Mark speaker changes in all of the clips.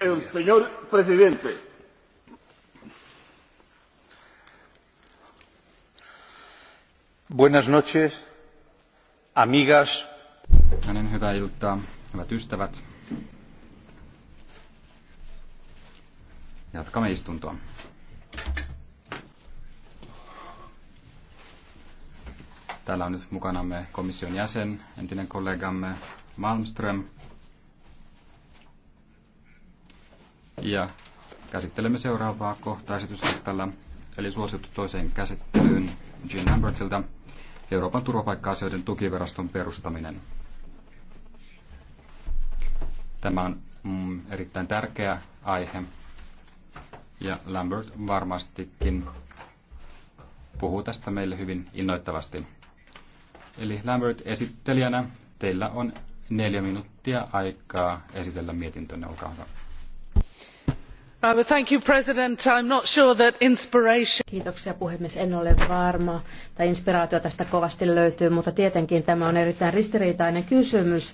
Speaker 1: El señor presidente.
Speaker 2: Buenas noches, amigas. Hänen hyvää iltaa, hyvät ystävät. Jatkamme istuntoa. Täällä on nyt mukanamme komission jäsen, entinen kollegamme Malmström, Ja käsittelemme seuraavaa kohtaa esityslistalla, eli suosittu toiseen käsittelyyn Jean Lambertilta, Euroopan turvapaikka-asioiden tukiveraston perustaminen. Tämä on mm, erittäin tärkeä aihe, ja Lambert varmastikin puhuu tästä meille hyvin innoittavasti. Eli Lambert esittelijänä teillä on neljä minuuttia aikaa esitellä mietintönne, olkaa hyvä.
Speaker 1: Uh,
Speaker 3: Kiitoksia puhemies. En ole varma, että inspiraatio tästä kovasti löytyy, mutta tietenkin tämä on erittäin ristiriitainen kysymys.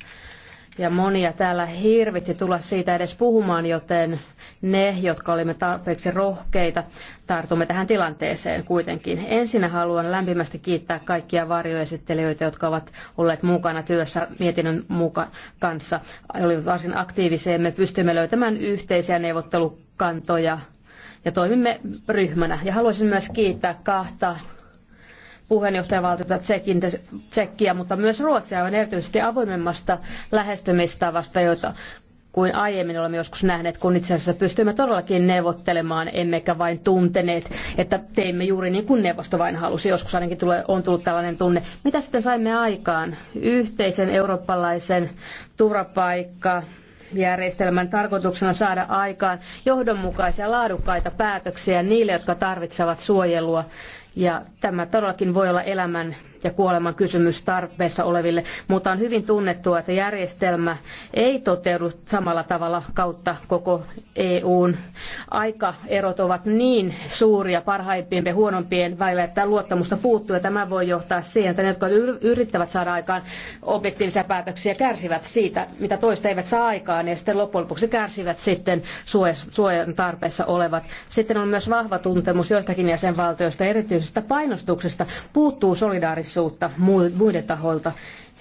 Speaker 3: Ja monia täällä hirvitti tulla siitä edes puhumaan, joten ne, jotka olimme tarpeeksi rohkeita, tartumme tähän tilanteeseen kuitenkin. Ensinnä haluan lämpimästi kiittää kaikkia varjoesittelijöitä, jotka ovat olleet mukana työssä mietinnön muka- kanssa. Olivat varsin aktiivisia ja me pystymme löytämään yhteisiä neuvottelu kantoja ja toimimme ryhmänä. Ja haluaisin myös kiittää kahta puheenjohtajavaltiota Tsekkiä, mutta myös Ruotsia on erityisesti avoimemmasta lähestymistavasta, jota kuin aiemmin olemme joskus nähneet, kun itse asiassa pystyimme todellakin neuvottelemaan, emmekä vain tunteneet, että teimme juuri niin kuin neuvosto vain halusi. Joskus ainakin tulee, on tullut tällainen tunne. Mitä sitten saimme aikaan? Yhteisen eurooppalaisen turvapaikka, järjestelmän tarkoituksena saada aikaan johdonmukaisia laadukkaita päätöksiä niille, jotka tarvitsevat suojelua ja tämä todellakin voi olla elämän ja kuoleman kysymys tarpeessa oleville, mutta on hyvin tunnettua, että järjestelmä ei toteudu samalla tavalla kautta koko EUn. Aikaerot ovat niin suuria parhaimpien ja huonompien välillä, että luottamusta puuttuu ja tämä voi johtaa siihen, että ne, jotka yrittävät saada aikaan objektiivisia päätöksiä, kärsivät siitä, mitä toista eivät saa aikaan ja sitten loppujen lopuksi kärsivät sitten suojan tarpeessa olevat. Sitten on myös vahva tuntemus joistakin jäsenvaltioista, erityisesti poliittisesta painostuksesta puuttuu solidaarisuutta muiden taholta.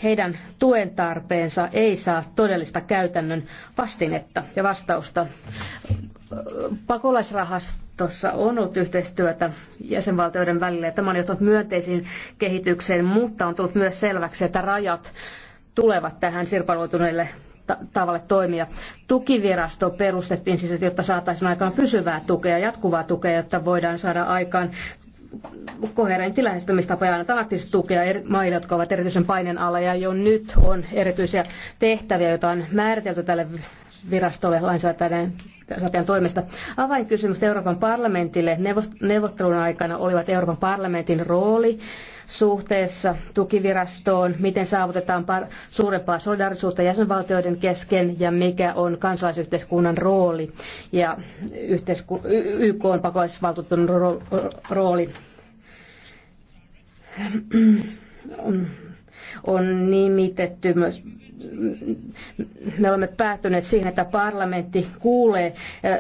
Speaker 3: Heidän tuen tarpeensa ei saa todellista käytännön vastinetta ja vastausta. Pakolaisrahastossa on ollut yhteistyötä jäsenvaltioiden välillä ja tämä on johtanut myönteisiin kehitykseen, mutta on tullut myös selväksi, että rajat tulevat tähän sirpaloituneelle tavalle toimia. Tukivirasto perustettiin siis, jotta saataisiin aikaan pysyvää tukea, jatkuvaa tukea, jotta voidaan saada aikaan koherentti lähestymistapa ja annetaan tukea maille, jotka ovat erityisen paineen alla. Ja jo nyt on erityisiä tehtäviä, joita on määritelty tälle virastolle lainsäätäjän Satian toimesta. Avainkysymys Euroopan parlamentille neuvottelun aikana olivat Euroopan parlamentin rooli suhteessa tukivirastoon, miten saavutetaan suurempaa solidaarisuutta jäsenvaltioiden kesken ja mikä on kansalaisyhteiskunnan rooli ja yhteisku- YK on pakolaisvaltuutetun rooli. On nimitetty myös me olemme päättyneet siihen, että parlamentti kuulee eh,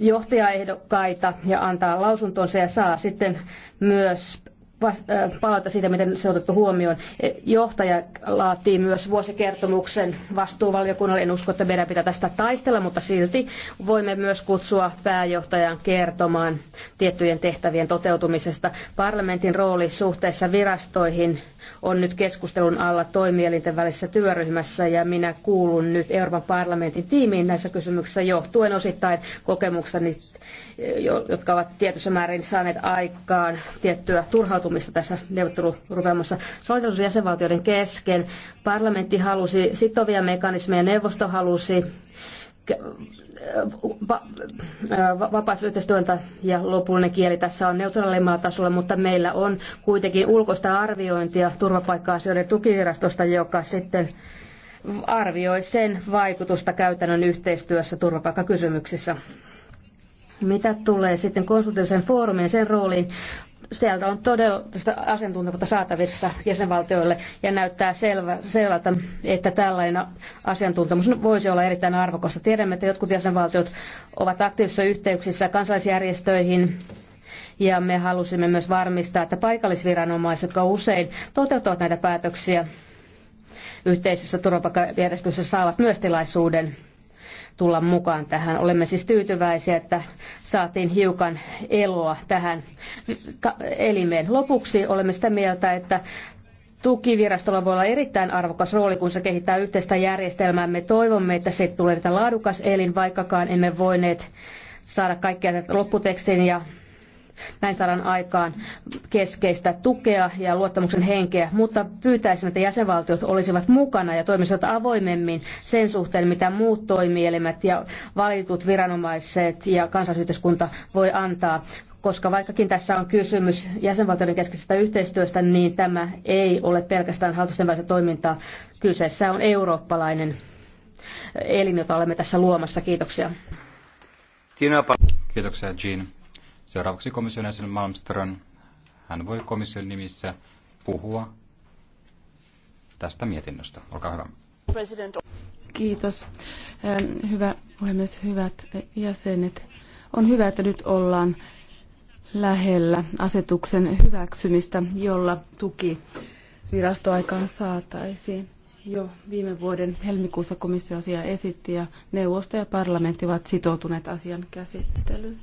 Speaker 3: johtajaehdokkaita ja antaa lausuntonsa ja saa sitten myös Äh, palata siitä, miten se on otettu huomioon. Eh, johtaja laatii myös vuosikertomuksen vastuuvaliokunnalle. En usko, että meidän pitää tästä taistella, mutta silti voimme myös kutsua pääjohtajan kertomaan tiettyjen tehtävien toteutumisesta. Parlamentin rooli suhteessa virastoihin on nyt keskustelun alla toimielinten välisessä työryhmässä ja minä kuulun nyt Euroopan parlamentin tiimiin näissä kysymyksissä johtuen osittain kokemukseni, eh, jotka ovat tietyssä määrin saaneet aikaan tiettyä turhautumista sitoutumista tässä neuvottelurupeamassa. Solidarisuus jäsenvaltioiden kesken. Parlamentti halusi sitovia mekanismeja, neuvosto halusi vapaaehtoistyöntä ja lopullinen kieli tässä on neutraalimmalla tasolla, mutta meillä on kuitenkin ulkoista arviointia turvapaikka-asioiden tukivirastosta, joka sitten arvioi sen vaikutusta käytännön yhteistyössä turvapaikkakysymyksissä. Mitä tulee sitten konsultiivisen foorumin sen rooliin, sieltä on todella asiantuntevuutta saatavissa jäsenvaltioille ja näyttää selvä, selvältä, että tällainen asiantuntemus voisi olla erittäin arvokasta. Tiedämme, että jotkut jäsenvaltiot ovat aktiivisissa yhteyksissä kansalaisjärjestöihin ja me halusimme myös varmistaa, että paikallisviranomaiset, jotka usein toteuttavat näitä päätöksiä yhteisessä turvapaikkajärjestössä, saavat myös tilaisuuden tulla mukaan tähän. Olemme siis tyytyväisiä, että saatiin hiukan eloa tähän elimeen. Lopuksi olemme sitä mieltä, että Tukivirastolla voi olla erittäin arvokas rooli, kun se kehittää yhteistä järjestelmää. Me toivomme, että se tulee laadukas elin, vaikkakaan emme voineet saada kaikkia lopputekstin ja näin saadaan aikaan keskeistä tukea ja luottamuksen henkeä, mutta pyytäisin, että jäsenvaltiot olisivat mukana ja toimisivat avoimemmin sen suhteen, mitä muut toimielimet ja valitut viranomaiset ja kansallisyhteiskunta voi antaa koska vaikkakin tässä on kysymys jäsenvaltioiden keskeisestä yhteistyöstä, niin tämä ei ole pelkästään hallitusten välistä toimintaa. Kyseessä on eurooppalainen elin, jota olemme tässä luomassa. Kiitoksia.
Speaker 2: Kiitoksia, Jean. Seuraavaksi komission jäsen Malmström, hän voi komission nimissä puhua tästä mietinnöstä. Olkaa hyvä.
Speaker 1: President. Kiitos. Ähm, hyvä puhemies, hyvät jäsenet. On hyvä, että nyt ollaan lähellä asetuksen hyväksymistä, jolla tuki virastoaikaan saataisiin. Jo viime vuoden helmikuussa komissio asiaa esitti ja neuvosto ja parlamentti ovat sitoutuneet asian käsittelyyn.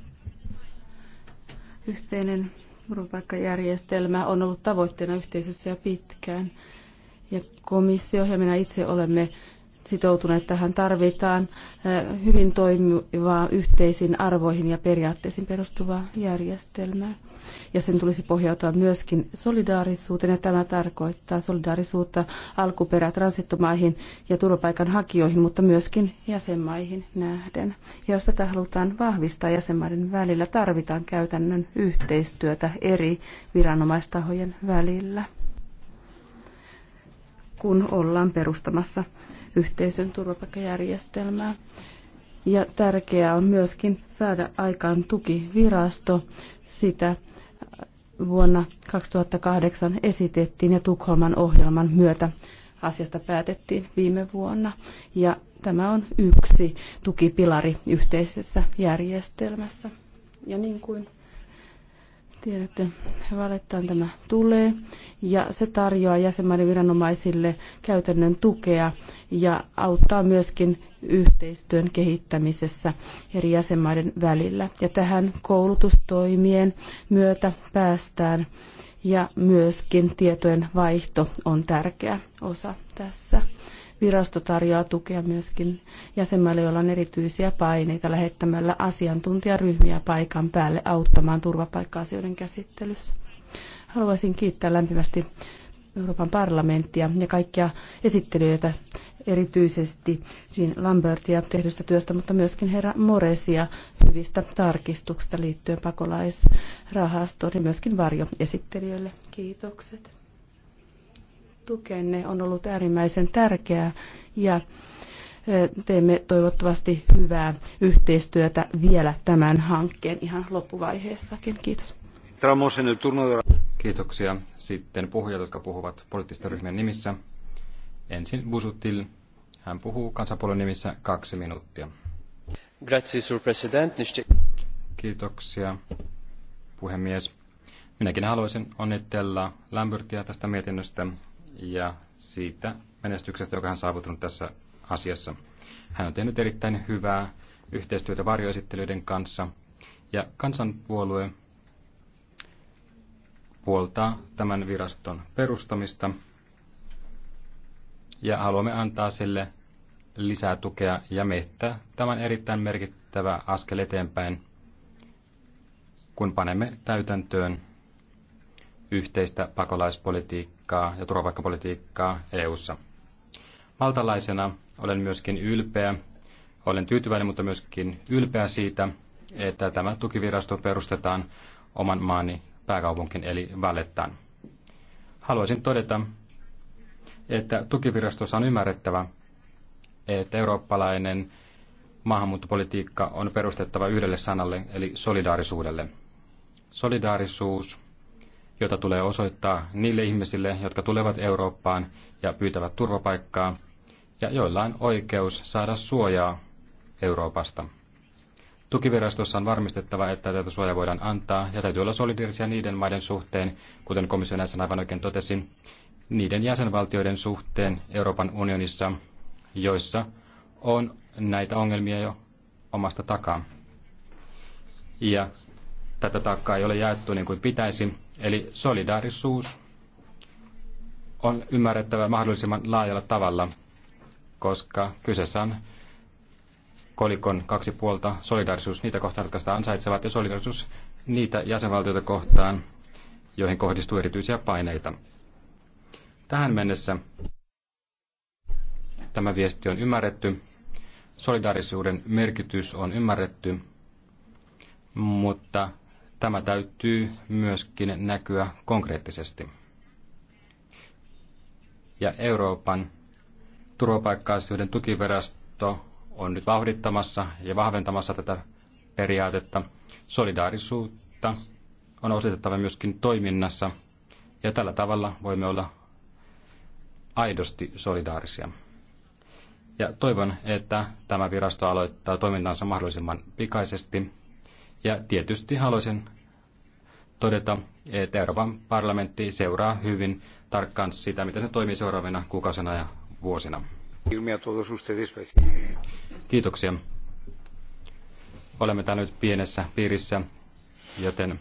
Speaker 1: Yhteinen turvapaikkajärjestelmä on ollut tavoitteena yhteisössä jo pitkään. Ja komissio ja minä itse olemme sitoutuneet tähän. Tarvitaan hyvin toimivaa yhteisiin arvoihin ja periaatteisiin perustuvaa järjestelmää. Ja sen tulisi pohjautua myöskin solidaarisuuteen, ja tämä tarkoittaa solidaarisuutta alkuperä transittomaihin ja turvapaikanhakijoihin, mutta myöskin jäsenmaihin nähden. Ja jos tätä halutaan vahvistaa jäsenmaiden välillä, tarvitaan käytännön yhteistyötä eri viranomaistahojen välillä kun ollaan perustamassa yhteisön turvapaikkajärjestelmää. Ja tärkeää on myöskin saada aikaan tukivirasto. Sitä vuonna 2008 esitettiin ja Tukholman ohjelman myötä asiasta päätettiin viime vuonna. Ja tämä on yksi tukipilari yhteisessä järjestelmässä. Ja niin kuin Tiedätte, valettaan tämä tulee ja se tarjoaa jäsenmaiden viranomaisille käytännön tukea ja auttaa myöskin yhteistyön kehittämisessä eri jäsenmaiden välillä. Ja tähän koulutustoimien myötä päästään ja myöskin tietojen vaihto on tärkeä osa tässä. Virasto tarjoaa tukea myöskin jäsenmaille, joilla on erityisiä paineita lähettämällä asiantuntijaryhmiä paikan päälle auttamaan turvapaikka-asioiden käsittelyssä. Haluaisin kiittää lämpimästi Euroopan parlamenttia ja kaikkia esittelyitä erityisesti Jean Lambertia tehdystä työstä, mutta myöskin herra Moresia hyvistä tarkistuksista liittyen pakolaisrahastoon ja myöskin varjoesittelijöille. Kiitokset tukenne on ollut äärimmäisen tärkeää ja teemme toivottavasti hyvää yhteistyötä vielä tämän hankkeen ihan loppuvaiheessakin. Kiitos.
Speaker 2: Kiitoksia. Sitten puhujat, jotka puhuvat poliittisten ryhmien nimissä. Ensin Busutil. Hän puhuu kansanpuolueen nimissä kaksi minuuttia. Grazie, sur president. Kiitoksia, puhemies. Minäkin haluaisin onnitella Lämpörtiä tästä mietinnöstä ja siitä menestyksestä, joka hän on saavuttanut tässä asiassa. Hän on tehnyt erittäin hyvää yhteistyötä varjoesittelyiden kanssa ja kansanpuolue puoltaa tämän viraston perustamista ja haluamme antaa sille lisää tukea ja meistä tämän erittäin merkittävä askel eteenpäin, kun panemme täytäntöön yhteistä pakolaispolitiikkaa ja turvapaikkapolitiikkaa EU:ssa. Maltalaisena olen myöskin ylpeä, olen tyytyväinen, mutta myöskin ylpeä siitä, että tämä tukivirasto perustetaan oman maani pääkaupunkin eli Valettaan. Haluaisin todeta, että tukivirastossa on ymmärrettävä, että eurooppalainen maahanmuuttopolitiikka on perustettava yhdelle sanalle eli solidaarisuudelle. Solidaarisuus jota tulee osoittaa niille ihmisille, jotka tulevat Eurooppaan ja pyytävät turvapaikkaa, ja joilla on oikeus saada suojaa Euroopasta. Tukivirastossa on varmistettava, että tätä suojaa voidaan antaa, ja täytyy olla solidaarisia niiden maiden suhteen, kuten komission jäsen aivan oikein totesi, niiden jäsenvaltioiden suhteen Euroopan unionissa, joissa on näitä ongelmia jo omasta takaa. Ja tätä taakkaa ei ole jaettu niin kuin pitäisi, Eli solidaarisuus on ymmärrettävä mahdollisimman laajalla tavalla, koska kyseessä on kolikon kaksi puolta, solidaarisuus niitä kohtaan, jotka sitä ansaitsevat, ja solidaarisuus niitä jäsenvaltioita kohtaan, joihin kohdistuu erityisiä paineita. Tähän mennessä tämä viesti on ymmärretty, solidaarisuuden merkitys on ymmärretty, mutta Tämä täytyy myöskin näkyä konkreettisesti. Ja Euroopan turvapaikka-asioiden on nyt vauhdittamassa ja vahventamassa tätä periaatetta. Solidaarisuutta on osoitettava myöskin toiminnassa ja tällä tavalla voimme olla aidosti solidaarisia. Ja toivon, että tämä virasto aloittaa toimintansa mahdollisimman pikaisesti. Ja tietysti haluaisin todeta, että Euroopan parlamentti seuraa hyvin tarkkaan sitä, miten se toimii seuraavina kuukausina ja vuosina. Kiitoksia. Olemme täällä nyt pienessä piirissä, joten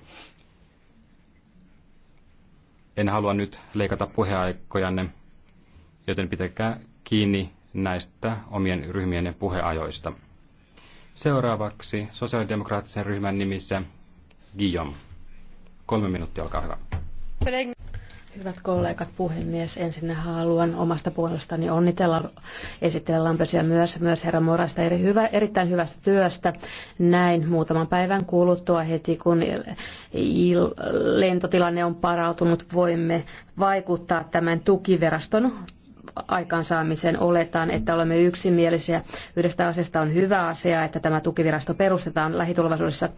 Speaker 2: en halua nyt leikata puheaikojanne, joten pitäkää kiinni näistä omien ryhmienne puheajoista. Seuraavaksi sosiaalidemokraattisen ryhmän nimissä Guillaume. Kolme minuuttia, olkaa hyvä.
Speaker 3: Hyvät kollegat, puhemies, ensin haluan omasta puolestani onnitella esittelen Lampesia myös, myös herra Morasta eri hyvä, erittäin hyvästä työstä. Näin muutaman päivän kuluttua heti, kun il, lentotilanne on parautunut, voimme vaikuttaa tämän tukiveraston aikaansaamiseen oletaan, että olemme yksimielisiä. Yhdestä asiasta on hyvä asia, että tämä tukivirasto perustetaan lähitulevaisuudessa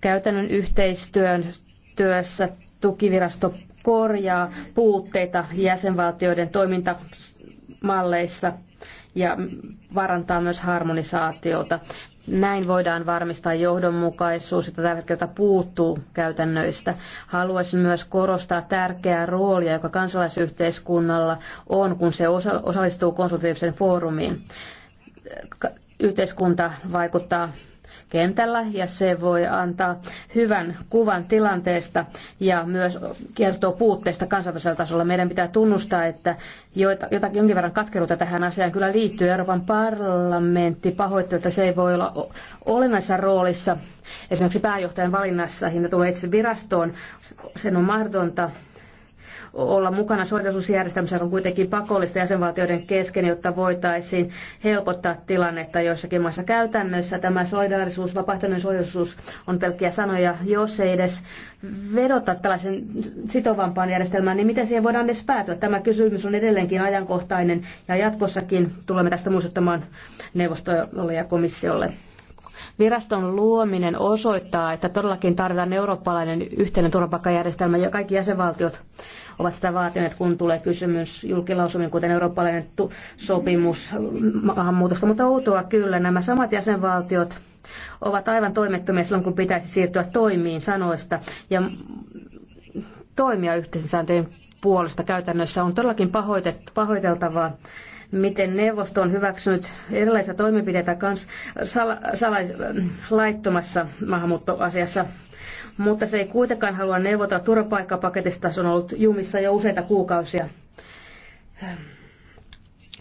Speaker 3: käytännön yhteistyön työssä tukivirasto korjaa puutteita jäsenvaltioiden toimintamalleissa ja varantaa myös harmonisaatiota. Näin voidaan varmistaa johdonmukaisuus, jota tällä hetkellä puuttuu käytännöistä. Haluaisin myös korostaa tärkeää roolia, joka kansalaisyhteiskunnalla on, kun se osallistuu konsultatiivisen foorumiin. Yhteiskunta vaikuttaa kentällä ja se voi antaa hyvän kuvan tilanteesta ja myös kertoo puutteista kansainvälisellä tasolla. Meidän pitää tunnustaa, että jotakin jonkin verran katkeruutta tähän asiaan kyllä liittyy. Euroopan parlamentti pahoittaa, että se ei voi olla olennaisessa roolissa esimerkiksi pääjohtajan valinnassa, hinta tulee itse virastoon. Sen on mahdotonta olla mukana solidarisuusjärjestelmässä, joka on kuitenkin pakollista jäsenvaltioiden kesken, jotta voitaisiin helpottaa tilannetta joissakin maissa käytännössä. Tämä solidarisuus, vapaaehtoinen solidarisuus on pelkkiä sanoja, jos ei edes vedota tällaisen sitovampaan järjestelmään, niin miten siihen voidaan edes päätyä? Tämä kysymys on edelleenkin ajankohtainen ja jatkossakin tulemme tästä muistuttamaan neuvostolle ja komissiolle. Viraston luominen osoittaa, että todellakin tarvitaan eurooppalainen yhteinen turvapaikkajärjestelmä ja kaikki jäsenvaltiot ovat sitä vaatineet, kun tulee kysymys julkilausumin, kuten eurooppalainen sopimus maahanmuutosta. Mutta outoa kyllä, nämä samat jäsenvaltiot ovat aivan toimettomia silloin, kun pitäisi siirtyä toimiin sanoista ja toimia yhteisen sääntöjen puolesta käytännössä. On todellakin pahoiteltavaa, miten neuvosto on hyväksynyt erilaisia toimenpiteitä kans sal- salais- laittomassa maahanmuuttoasiassa mutta se ei kuitenkaan halua neuvota turvapaikkapaketista. Se on ollut jumissa jo useita kuukausia.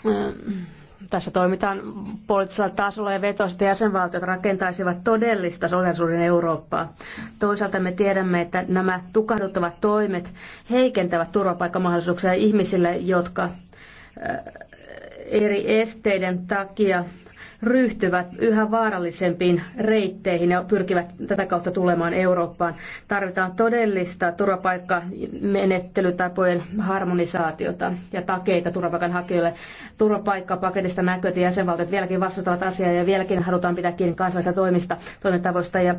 Speaker 3: Öö, tässä toimitaan poliittisella tasolla ja vetoiset jäsenvaltiot rakentaisivat todellista solidarisuuden Eurooppaa. Toisaalta me tiedämme, että nämä tukahduttavat toimet heikentävät turvapaikkamahdollisuuksia ihmisille, jotka öö, eri esteiden takia ryhtyvät yhä vaarallisempiin reitteihin ja pyrkivät tätä kautta tulemaan Eurooppaan. Tarvitaan todellista turvapaikkamenettelytapojen harmonisaatiota ja takeita turvapaikanhakijoille. Turvapaikkapaketista näkyy, että jäsenvaltiot vieläkin vastustavat asiaa ja vieläkin halutaan pitää kiinni kansallisista toimista, toimintavoista. Ja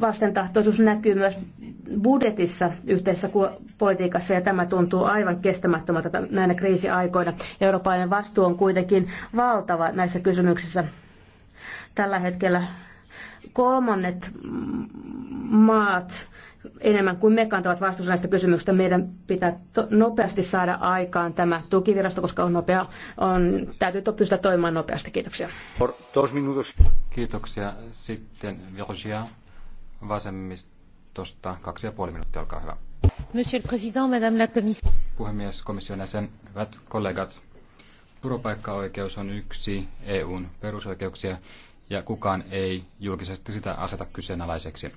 Speaker 3: vastentahtoisuus näkyy myös budjetissa yhteisessä politiikassa ja tämä tuntuu aivan kestämättömältä näinä kriisiaikoina. Eurooppalainen vastuu on kuitenkin valtava näissä kysymyksissä kysymyksessä. Tällä hetkellä kolmannet maat enemmän kuin me kantavat vastuussa näistä kysymyksistä. Meidän pitää nopeasti saada aikaan tämä tukivirasto, koska on nopea, on, täytyy to- pystyä toimimaan nopeasti. Kiitoksia.
Speaker 2: Kiitoksia. Sitten Virgia vasemmistosta. Kaksi ja puoli minuuttia, olkaa hyvä.
Speaker 3: Monsieur le Président, Madame la Commission.
Speaker 2: Puhemies, komission jäsen, hyvät kollegat. Turvapaikkaoikeus on yksi EUn perusoikeuksia ja kukaan ei julkisesti sitä aseta kyseenalaiseksi.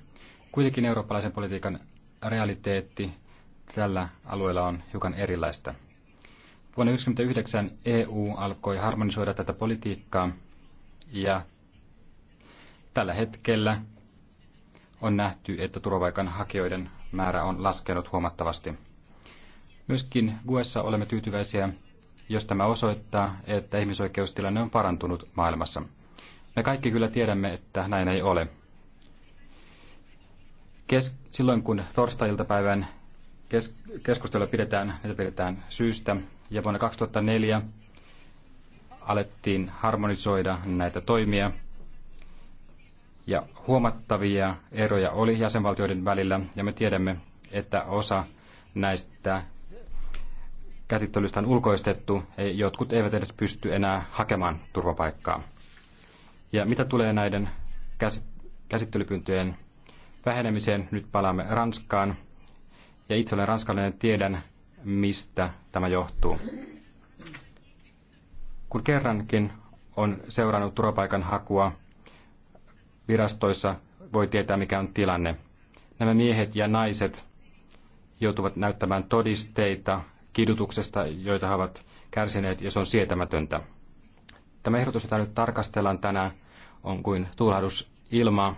Speaker 2: Kuitenkin eurooppalaisen politiikan realiteetti tällä alueella on hiukan erilaista. Vuonna 1999 EU alkoi harmonisoida tätä politiikkaa ja tällä hetkellä on nähty, että hakijoiden määrä on laskenut huomattavasti. Myöskin Guessa olemme tyytyväisiä jos tämä osoittaa, että ihmisoikeustilanne on parantunut maailmassa. Me kaikki kyllä tiedämme, että näin ei ole. Kes- silloin kun torstai-iltapäivän kes- keskustelua pidetään, niitä pidetään syystä, ja vuonna 2004 alettiin harmonisoida näitä toimia, ja huomattavia eroja oli jäsenvaltioiden välillä, ja me tiedämme, että osa näistä käsittelystä on ulkoistettu, jotkut eivät edes pysty enää hakemaan turvapaikkaa. Ja mitä tulee näiden käsittelypyyntöjen vähenemiseen, nyt palaamme Ranskaan. Ja itse olen ranskalainen, tiedän mistä tämä johtuu. Kun kerrankin on seurannut turvapaikan hakua virastoissa, voi tietää mikä on tilanne. Nämä miehet ja naiset joutuvat näyttämään todisteita kidutuksesta, joita he ovat kärsineet, ja se on sietämätöntä. Tämä ehdotus, jota nyt tarkastellaan tänään, on kuin tuulahdus ilmaa,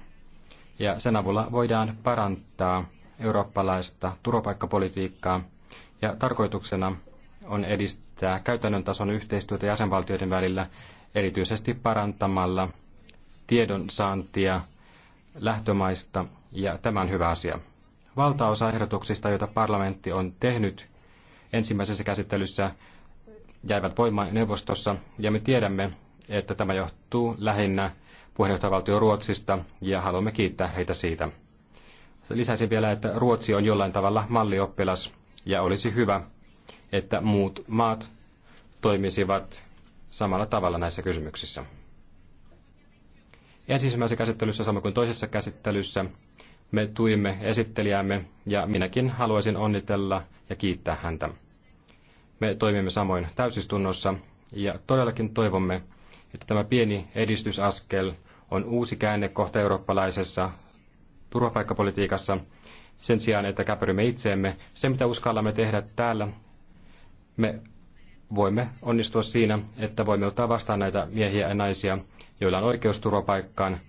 Speaker 2: ja sen avulla voidaan parantaa eurooppalaista turvapaikkapolitiikkaa, ja tarkoituksena on edistää käytännön tason yhteistyötä jäsenvaltioiden välillä, erityisesti parantamalla tiedonsaantia lähtömaista, ja tämä on hyvä asia. Valtaosa ehdotuksista, joita parlamentti on tehnyt, ensimmäisessä käsittelyssä jäivät voimaan neuvostossa, ja me tiedämme, että tämä johtuu lähinnä puheenjohtajavaltio Ruotsista, ja haluamme kiittää heitä siitä. Lisäisin vielä, että Ruotsi on jollain tavalla mallioppilas, ja olisi hyvä, että muut maat toimisivat samalla tavalla näissä kysymyksissä. Ensimmäisessä käsittelyssä, samoin kuin toisessa käsittelyssä, me tuimme esittelijäämme ja minäkin haluaisin onnitella ja kiittää häntä. Me toimimme samoin täysistunnossa ja todellakin toivomme, että tämä pieni edistysaskel on uusi käänne kohta eurooppalaisessa turvapaikkapolitiikassa sen sijaan, että käpärymme itseemme. Se, mitä uskallamme tehdä täällä, me voimme onnistua siinä, että voimme ottaa vastaan näitä miehiä ja naisia, joilla on oikeus turvapaikkaan,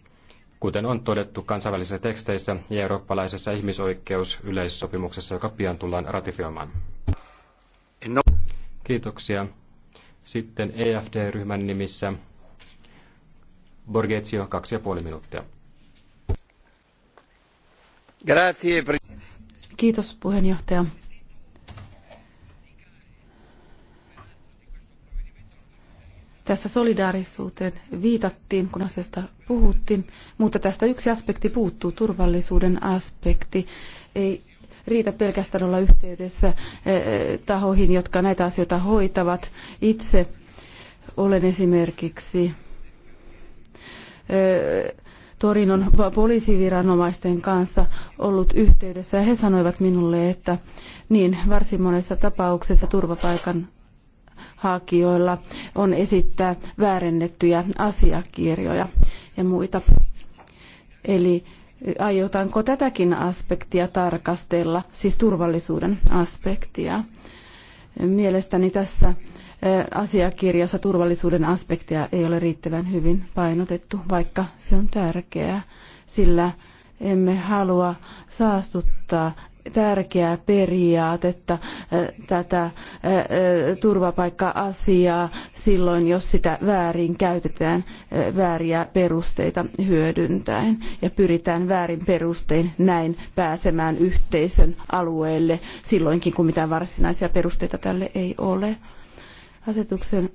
Speaker 2: kuten on todettu kansainvälisissä teksteissä ja eurooppalaisessa ihmisoikeusyleissopimuksessa, joka pian tullaan ratifioimaan. Kiitoksia. Sitten EFD-ryhmän nimissä Borgetsio, kaksi ja puoli minuuttia. Grazie.
Speaker 1: Kiitos puheenjohtaja. Tässä solidaarisuuteen viitattiin, kun asiasta puhuttiin, mutta tästä yksi aspekti puuttuu, turvallisuuden aspekti. Ei riitä pelkästään olla yhteydessä eh, eh, tahoihin, jotka näitä asioita hoitavat. Itse olen esimerkiksi eh, Torinon poliisiviranomaisten kanssa ollut yhteydessä ja he sanoivat minulle, että niin varsin monessa tapauksessa turvapaikan hakijoilla on esittää väärennettyjä asiakirjoja ja muita. Eli aiotaanko tätäkin aspektia tarkastella, siis turvallisuuden aspektia. Mielestäni tässä e, asiakirjassa turvallisuuden aspektia ei ole riittävän hyvin painotettu, vaikka se on tärkeää, sillä emme halua saastuttaa tärkeää periaatetta, tätä turvapaikka-asiaa silloin, jos sitä väärin käytetään vääriä perusteita hyödyntäen ja pyritään väärin perustein näin pääsemään yhteisön alueelle silloinkin, kun mitään varsinaisia perusteita tälle ei ole. Asetuksen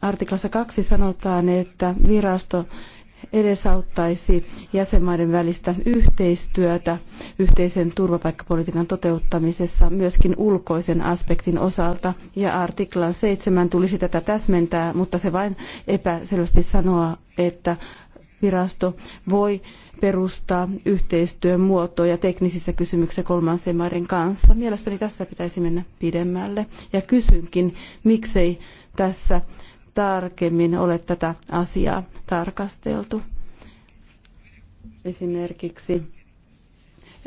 Speaker 1: artiklassa kaksi sanotaan, että virasto edesauttaisi jäsenmaiden välistä yhteistyötä yhteisen turvapaikkapolitiikan toteuttamisessa myöskin ulkoisen aspektin osalta. Ja artiklan 7 tulisi tätä täsmentää, mutta se vain epäselvästi sanoa, että virasto voi perustaa yhteistyön muotoja teknisissä kysymyksissä kolmansien maiden kanssa. Mielestäni tässä pitäisi mennä pidemmälle. Ja kysynkin, miksei tässä tarkemmin ole tätä asiaa tarkasteltu. Esimerkiksi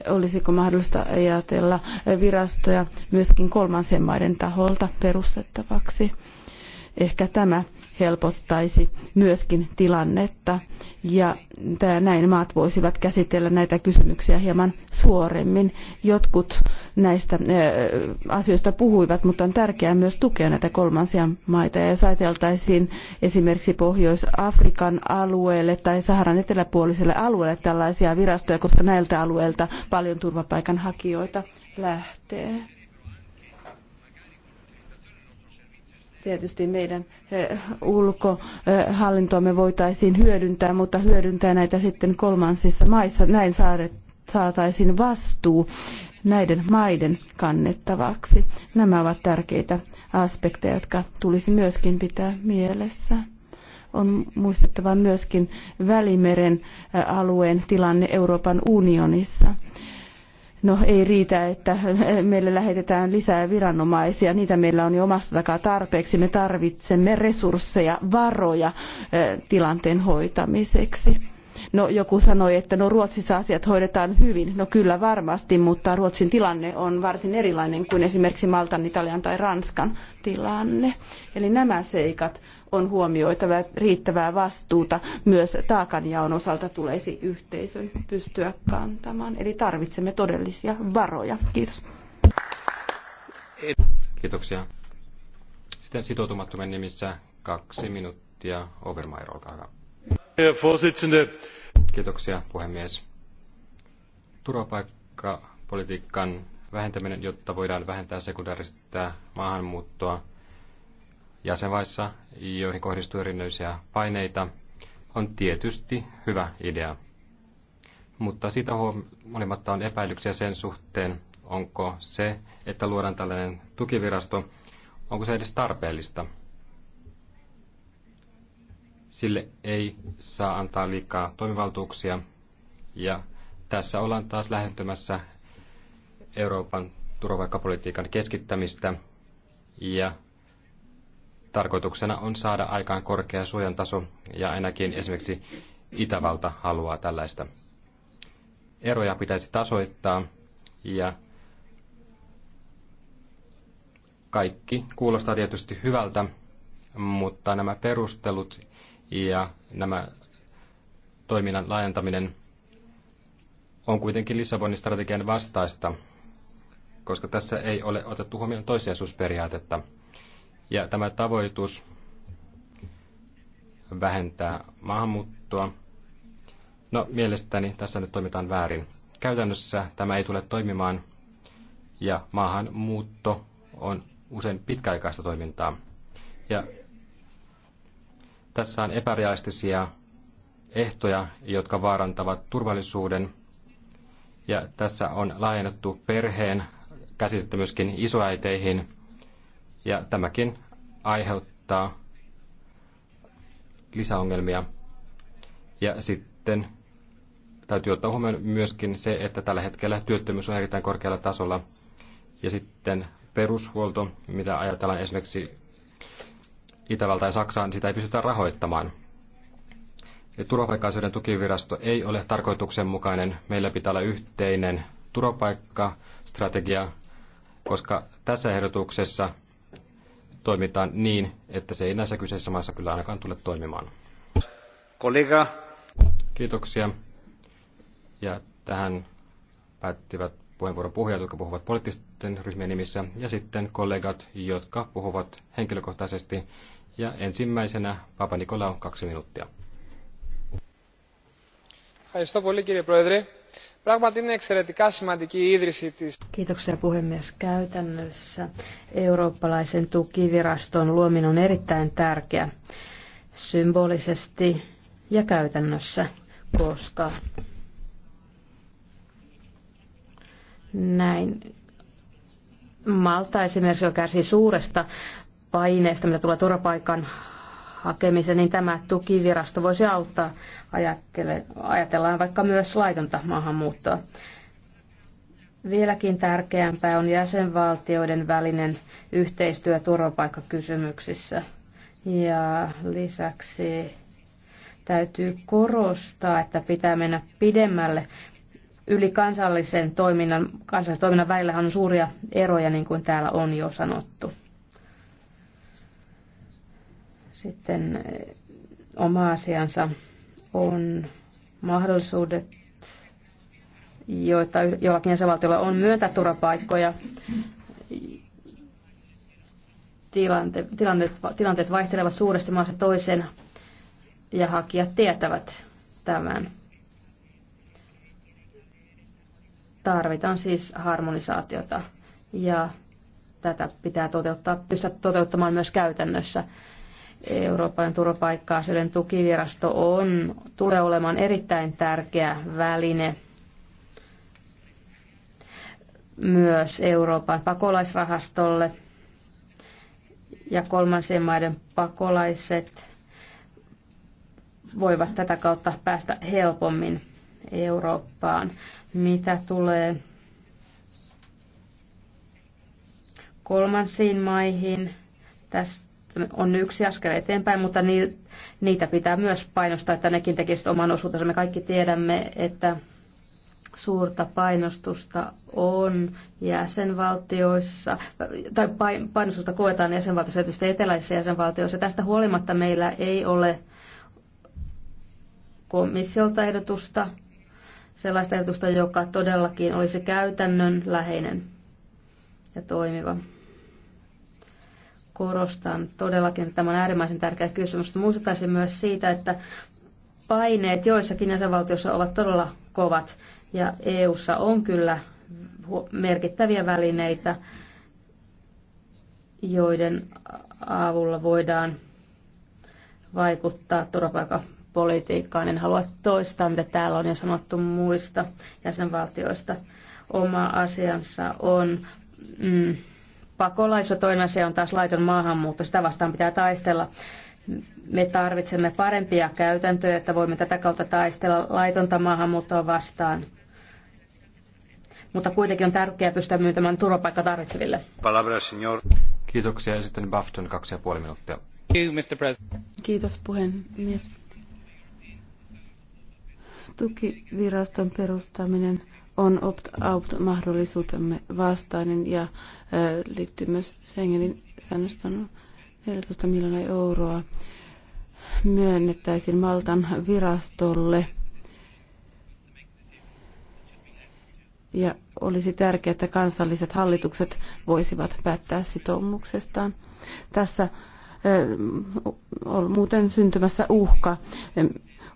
Speaker 1: olisiko mahdollista ajatella virastoja myöskin kolmansien maiden taholta perustettavaksi. Ehkä tämä helpottaisi myöskin tilannetta ja näin maat voisivat käsitellä näitä kysymyksiä hieman suoremmin. Jotkut näistä asioista puhuivat, mutta on tärkeää myös tukea näitä kolmansia maita. Ja jos ajateltaisiin esimerkiksi Pohjois-Afrikan alueelle tai Saharan eteläpuoliselle alueelle tällaisia virastoja, koska näiltä alueilta paljon turvapaikanhakijoita lähtee. tietysti meidän eh, ulkohallintoamme voitaisiin hyödyntää, mutta hyödyntää näitä sitten kolmansissa maissa. Näin saataisiin vastuu näiden maiden kannettavaksi. Nämä ovat tärkeitä aspekteja, jotka tulisi myöskin pitää mielessä. On muistettava myöskin Välimeren eh, alueen tilanne Euroopan unionissa. No ei riitä, että meille lähetetään lisää viranomaisia, niitä meillä on jo omasta takaa tarpeeksi. Me tarvitsemme resursseja, varoja eh, tilanteen hoitamiseksi No joku sanoi, että no Ruotsissa asiat hoidetaan hyvin. No kyllä varmasti, mutta Ruotsin tilanne on varsin erilainen kuin esimerkiksi Maltan, Italian tai Ranskan tilanne. Eli nämä seikat on huomioitava riittävää vastuuta myös taakanjaon osalta tulisi yhteisön pystyä kantamaan. Eli tarvitsemme todellisia varoja.
Speaker 2: Kiitos. Kiitoksia. Sitten sitoutumattomien nimissä kaksi minuuttia. Overmaier, olkaa hyvä. Kiitoksia puhemies. Turvapaikkapolitiikan vähentäminen, jotta voidaan vähentää sekundaarista maahanmuuttoa jäsenvaissa, joihin kohdistuu erinäisiä paineita, on tietysti hyvä idea. Mutta siitä huolimatta on epäilyksiä sen suhteen, onko se, että luodaan tällainen tukivirasto, onko se edes tarpeellista – Sille ei saa antaa liikaa toimivaltuuksia ja tässä ollaan taas lähentymässä Euroopan turvapaikkapolitiikan keskittämistä ja tarkoituksena on saada aikaan korkea suojan taso ja ainakin esimerkiksi Itävalta haluaa tällaista. Eroja pitäisi tasoittaa ja kaikki kuulostaa tietysti hyvältä, mutta nämä perustelut ja nämä toiminnan laajentaminen on kuitenkin Lissabonin strategian vastaista, koska tässä ei ole otettu huomioon toissijaisuusperiaatetta. Ja tämä tavoitus vähentää maahanmuuttoa. No, mielestäni tässä nyt toimitaan väärin. Käytännössä tämä ei tule toimimaan ja maahanmuutto on usein pitkäaikaista toimintaa. Ja tässä on epärealistisia ehtoja, jotka vaarantavat turvallisuuden. Ja tässä on laajennettu perheen käsitettä myöskin isoäiteihin. Ja tämäkin aiheuttaa lisäongelmia. Ja sitten täytyy ottaa huomioon myöskin se, että tällä hetkellä työttömyys on erittäin korkealla tasolla. Ja sitten perushuolto, mitä ajatellaan esimerkiksi Itävalta ja Saksaan sitä ei pystytä rahoittamaan. turvapaikka tukivirasto ei ole tarkoituksenmukainen. Meillä pitää olla yhteinen turvapaikkastrategia, koska tässä ehdotuksessa toimitaan niin, että se ei näissä kyseisissä maissa kyllä ainakaan tule toimimaan. Kollega. Kiitoksia. Ja tähän päättivät puheenvuoron puhujat, jotka puhuvat poliittisten ryhmien nimissä, ja sitten kollegat, jotka puhuvat henkilökohtaisesti ja ensimmäisenä Papa Nikolaou, kaksi minuuttia.
Speaker 3: Kiitoksia puhemies. Käytännössä eurooppalaisen tukiviraston luominen on erittäin tärkeä symbolisesti ja käytännössä, koska näin Malta esimerkiksi, kärsii suuresta paineesta, mitä tulee turvapaikan hakemiseen, niin tämä tukivirasto voisi auttaa. Ajattele, ajatellaan vaikka myös laitonta maahanmuuttoa. Vieläkin tärkeämpää on jäsenvaltioiden välinen yhteistyö turvapaikkakysymyksissä. Ja lisäksi täytyy korostaa, että pitää mennä pidemmälle. Yli kansallisen toiminnan, kansallisen toiminnan välillä on suuria eroja, niin kuin täällä on jo sanottu. Sitten eh, oma asiansa on mahdollisuudet, joita jollakin jäsenvaltiolla on myöntää turvapaikkoja. Tilante, tilanteet, tilanteet vaihtelevat suuresti maassa toisen ja hakijat tietävät tämän. Tarvitaan siis harmonisaatiota ja tätä pitää toteuttaa, pystyä toteuttamaan myös käytännössä. Euroopan turvapaikka tukivirasto on, tulee olemaan erittäin tärkeä väline myös Euroopan pakolaisrahastolle ja kolmansien maiden pakolaiset voivat tätä kautta päästä helpommin Eurooppaan. Mitä tulee kolmansiin maihin, tässä on yksi askel eteenpäin, mutta niitä pitää myös painostaa, että nekin tekisivät oman osuutensa. Me kaikki tiedämme, että suurta painostusta on jäsenvaltioissa, tai painostusta koetaan jäsenvaltioissa, tietysti eteläisissä jäsenvaltioissa. Tästä huolimatta meillä ei ole komissiolta ehdotusta, sellaista ehdotusta, joka todellakin olisi käytännön läheinen ja toimiva. Korostan todellakin, että tämä on äärimmäisen tärkeä kysymys. Muistuttaisin myös siitä, että paineet joissakin jäsenvaltioissa ovat todella kovat ja EU:ssa on kyllä merkittäviä välineitä, joiden avulla voidaan vaikuttaa turvapaikapolitiikkaan. En halua toistaa, mitä täällä on jo sanottu muista jäsenvaltioista. Oma asiansa on mm, pakolaisuus toinen asia on taas laiton maahanmuutto. Sitä vastaan pitää taistella. Me tarvitsemme parempia käytäntöjä, että voimme tätä kautta taistella laitonta maahanmuuttoa vastaan. Mutta kuitenkin on tärkeää pystyä myöntämään turvapaikka tarvitseville.
Speaker 2: Palabra, señor. Kiitoksia ja sitten Bafton kaksi ja puoli minuuttia.
Speaker 1: Kiitos puhemies. Tukiviraston perustaminen on opt-out-mahdollisuutemme vastainen ja liittyy myös Schengenin säännöstön 14 miljoonaa euroa myönnettäisiin Maltan virastolle. Ja olisi tärkeää, että kansalliset hallitukset voisivat päättää sitoumuksestaan. Tässä on muuten syntymässä uhka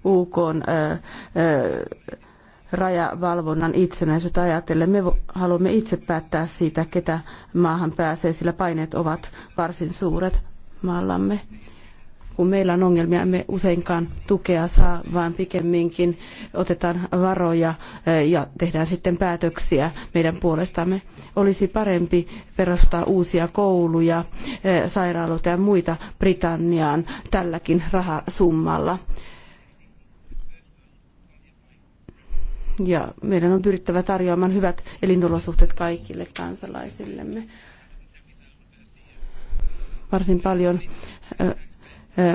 Speaker 1: UK rajavalvonnan itsenäisyyttä ajatellen. Me haluamme itse päättää siitä, ketä maahan pääsee, sillä paineet ovat varsin suuret maallamme. Kun meillä on ongelmia, emme useinkaan tukea saa, vaan pikemminkin otetaan varoja e, ja tehdään sitten päätöksiä meidän puolestamme. Olisi parempi perustaa uusia kouluja, e, sairaaloita ja muita Britanniaan tälläkin rahasummalla ja meidän on pyrittävä tarjoamaan hyvät elinolosuhteet kaikille kansalaisillemme. Varsin paljon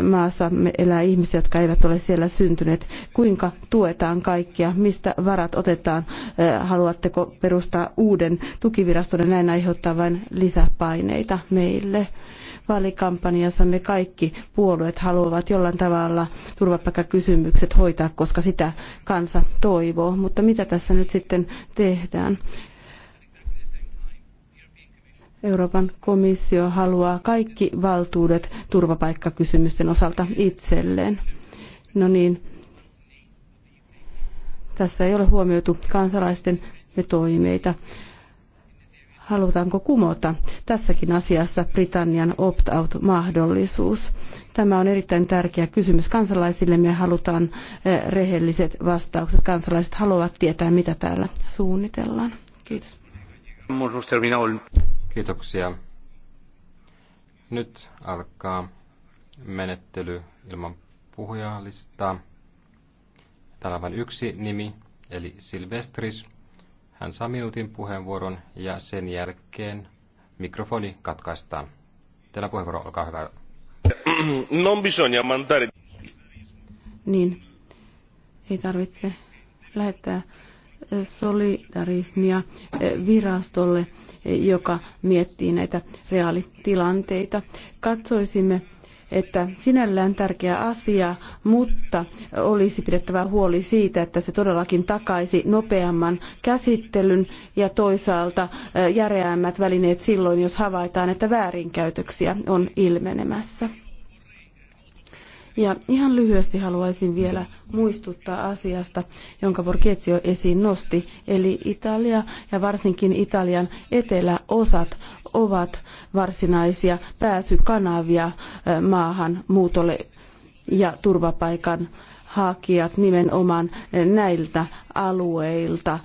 Speaker 1: maassamme elää ihmisiä, jotka eivät ole siellä syntyneet. Kuinka tuetaan kaikkia? Mistä varat otetaan? Haluatteko perustaa uuden tukiviraston ja näin aiheuttaa vain lisäpaineita meille? Vaalikampanjassa me kaikki puolueet haluavat jollain tavalla turvapaikkakysymykset hoitaa, koska sitä kansa toivoo. Mutta mitä tässä nyt sitten tehdään? Euroopan komissio haluaa kaikki valtuudet turvapaikkakysymysten osalta itselleen. No niin, tässä ei ole huomioitu kansalaisten toimeita. Halutaanko kumota tässäkin asiassa Britannian opt-out-mahdollisuus? Tämä on erittäin tärkeä kysymys kansalaisille. Me halutaan eh, rehelliset vastaukset. Kansalaiset haluavat tietää, mitä täällä suunnitellaan. Kiitos.
Speaker 2: Kiitoksia. Nyt alkaa menettely ilman puhujalistaa. Täällä on vain yksi nimi, eli Silvestris. Hän saa minuutin puheenvuoron ja sen jälkeen mikrofoni katkaistaan. Teillä puheenvuoro, olkaa hyvä. Non bisogna mandare.
Speaker 1: Niin, ei tarvitse lähettää solidarismia eh, virastolle, eh, joka miettii näitä reaalitilanteita. Katsoisimme että sinällään tärkeä asia, mutta olisi pidettävä huoli siitä, että se todellakin takaisi nopeamman käsittelyn ja toisaalta eh, järeämmät välineet silloin, jos havaitaan, että väärinkäytöksiä on ilmenemässä. Ja ihan lyhyesti haluaisin vielä muistuttaa asiasta, jonka Borgetsio esiin nosti, eli Italia ja varsinkin Italian eteläosat ovat varsinaisia pääsykanavia maahan muutolle ja turvapaikan hakijat nimenomaan näiltä alueilta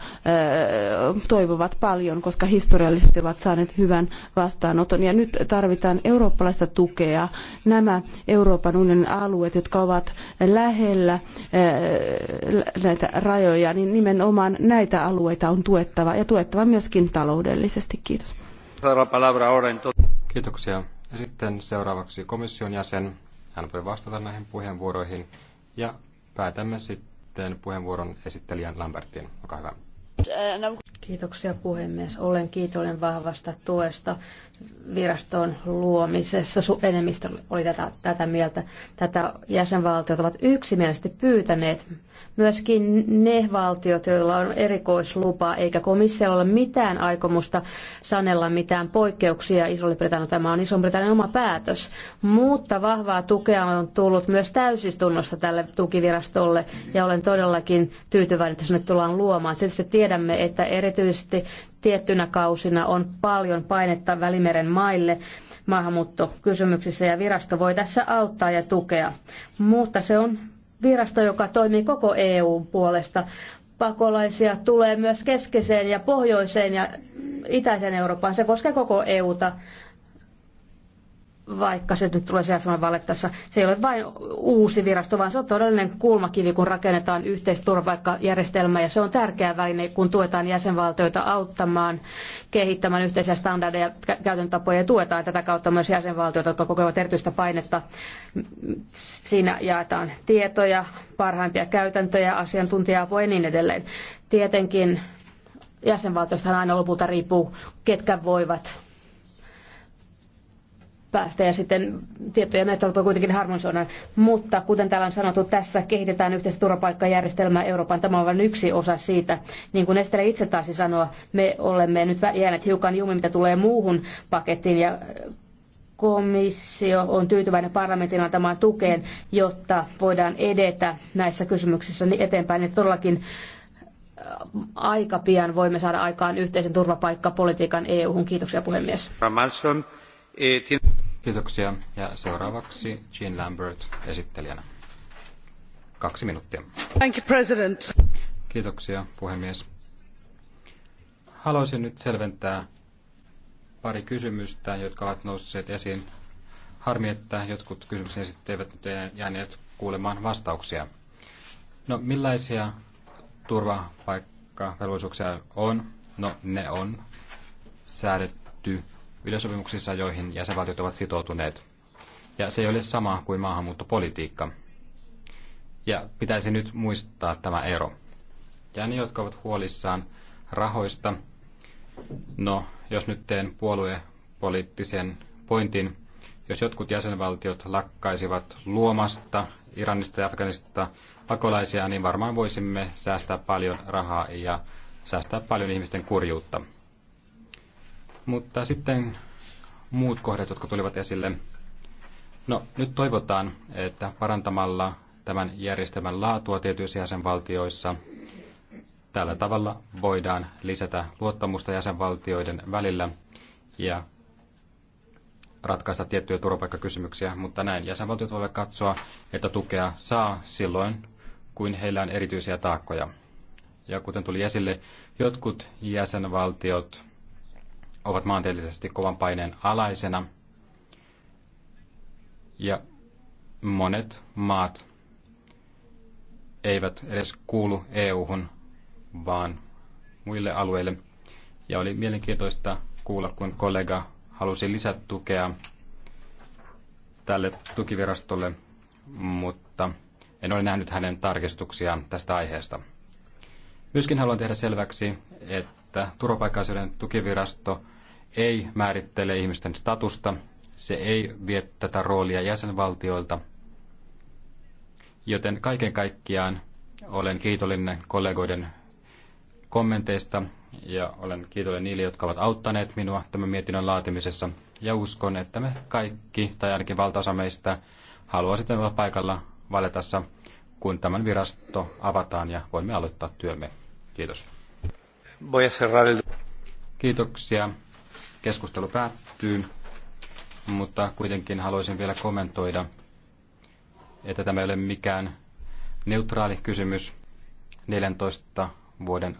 Speaker 1: toivovat paljon, koska historiallisesti ovat saaneet hyvän vastaanoton. Ja nyt tarvitaan eurooppalaista tukea. Nämä Euroopan unionin alueet, jotka ovat lähellä näitä rajoja, niin nimenomaan näitä alueita on tuettava ja tuettava myöskin taloudellisesti.
Speaker 2: Kiitos. Kiitoksia. Ja sitten seuraavaksi komission jäsen. Hän voi vastata näihin puheenvuoroihin. Ja päätämme sitten puheenvuoron esittelijän Lambertin. Olkaa hyvä.
Speaker 3: Kiitoksia puhemies. Olen kiitollinen vahvasta tuesta viraston luomisessa. Enemmistö oli tätä, tätä mieltä. Tätä jäsenvaltiot ovat yksimielisesti pyytäneet. Myöskin ne valtiot, joilla on erikoislupa, eikä komissiolla ole mitään aikomusta sanella mitään poikkeuksia isolle britannia Tämä on Iso-Britannian oma päätös. Mutta vahvaa tukea on tullut myös täysistunnosta tälle tukivirastolle, ja olen todellakin tyytyväinen, että sinne tullaan luomaan. Tietysti tiedämme, että erityisesti erityisesti tiettynä kausina on paljon painetta Välimeren maille maahanmuuttokysymyksissä ja virasto voi tässä auttaa ja tukea. Mutta se on virasto, joka toimii koko EUn puolesta. Pakolaisia tulee myös keskiseen ja pohjoiseen ja itäiseen Eurooppaan. Se koskee koko EUta vaikka se nyt tulee sijaisemman vallettassa. Se ei ole vain uusi virasto, vaan se on todellinen kulmakivi, kun rakennetaan yhteisturvapaikkajärjestelmä, ja se on tärkeä väline, kun tuetaan jäsenvaltioita auttamaan, kehittämään yhteisiä standardeja, käytäntapoja, ja tuetaan tätä kautta myös jäsenvaltioita, jotka kokevat erityistä painetta. Siinä jaetaan tietoja, parhaimpia käytäntöjä, asiantuntija ja niin edelleen. Tietenkin jäsenvaltiostahan aina lopulta riippuu, ketkä voivat päästä ja sitten tiettyjä menettelytapoja kuitenkin harmonisoidaan. Mutta kuten täällä on sanottu, tässä kehitetään yhteistä turvapaikkajärjestelmää Euroopan. Tämä on vain yksi osa siitä. Niin kuin Estelle itse taisi sanoa, me olemme nyt jääneet hiukan jumiin, mitä tulee muuhun pakettiin ja komissio on tyytyväinen parlamentin antamaan tukeen, jotta voidaan edetä näissä kysymyksissä niin eteenpäin. että todellakin äh, aika pian voimme saada aikaan yhteisen turvapaikkapolitiikan EU-hun. Kiitoksia puhemies.
Speaker 2: Kiitoksia. Ja seuraavaksi Jean Lambert esittelijänä. Kaksi minuuttia.
Speaker 1: Thank you, President.
Speaker 2: Kiitoksia, puhemies. Haluaisin nyt selventää pari kysymystä, jotka ovat nousseet esiin. Harmi, että jotkut kysymykset sitten eivät nyt jääneet kuulemaan vastauksia. No, millaisia turvapaikkavelvollisuuksia on? No, ne on säädetty yleisopimuksissa, joihin jäsenvaltiot ovat sitoutuneet. Ja se ei ole sama kuin maahanmuuttopolitiikka. Ja pitäisi nyt muistaa tämä ero. Ja ne, jotka ovat huolissaan rahoista, no jos nyt teen puoluepoliittisen pointin, jos jotkut jäsenvaltiot lakkaisivat luomasta Iranista ja Afganista pakolaisia, niin varmaan voisimme säästää paljon rahaa ja säästää paljon ihmisten kurjuutta. Mutta sitten muut kohdat, jotka tulivat esille. No, nyt toivotaan, että parantamalla tämän järjestelmän laatua tietyissä jäsenvaltioissa, tällä tavalla voidaan lisätä luottamusta jäsenvaltioiden välillä ja ratkaista tiettyjä turvapaikkakysymyksiä, mutta näin jäsenvaltiot voivat katsoa, että tukea saa silloin, kuin heillä on erityisiä taakkoja. Ja kuten tuli esille, jotkut jäsenvaltiot ovat maantieteellisesti kovan paineen alaisena. Ja monet maat eivät edes kuulu EU-hun, vaan muille alueille. Ja oli mielenkiintoista kuulla, kun kollega halusi lisätukea tälle tukivirastolle, mutta en ole nähnyt hänen tarkistuksiaan tästä aiheesta. Myöskin haluan tehdä selväksi, että että turvapaikkaisuuden tukivirasto ei määrittele ihmisten statusta, se ei vie tätä roolia jäsenvaltioilta, joten kaiken kaikkiaan olen kiitollinen kollegoiden kommenteista ja olen kiitollinen niille, jotka ovat auttaneet minua tämän mietinnön laatimisessa. Ja uskon, että me kaikki, tai ainakin valtaosa meistä, haluaa sitten olla paikalla valetassa, kun tämän virasto avataan ja voimme aloittaa työmme. Kiitos. Voy a cerrar el... Kiitoksia. Keskustelu päättyy, mutta kuitenkin haluaisin vielä kommentoida, että tämä ei ole mikään neutraali kysymys 14 vuoden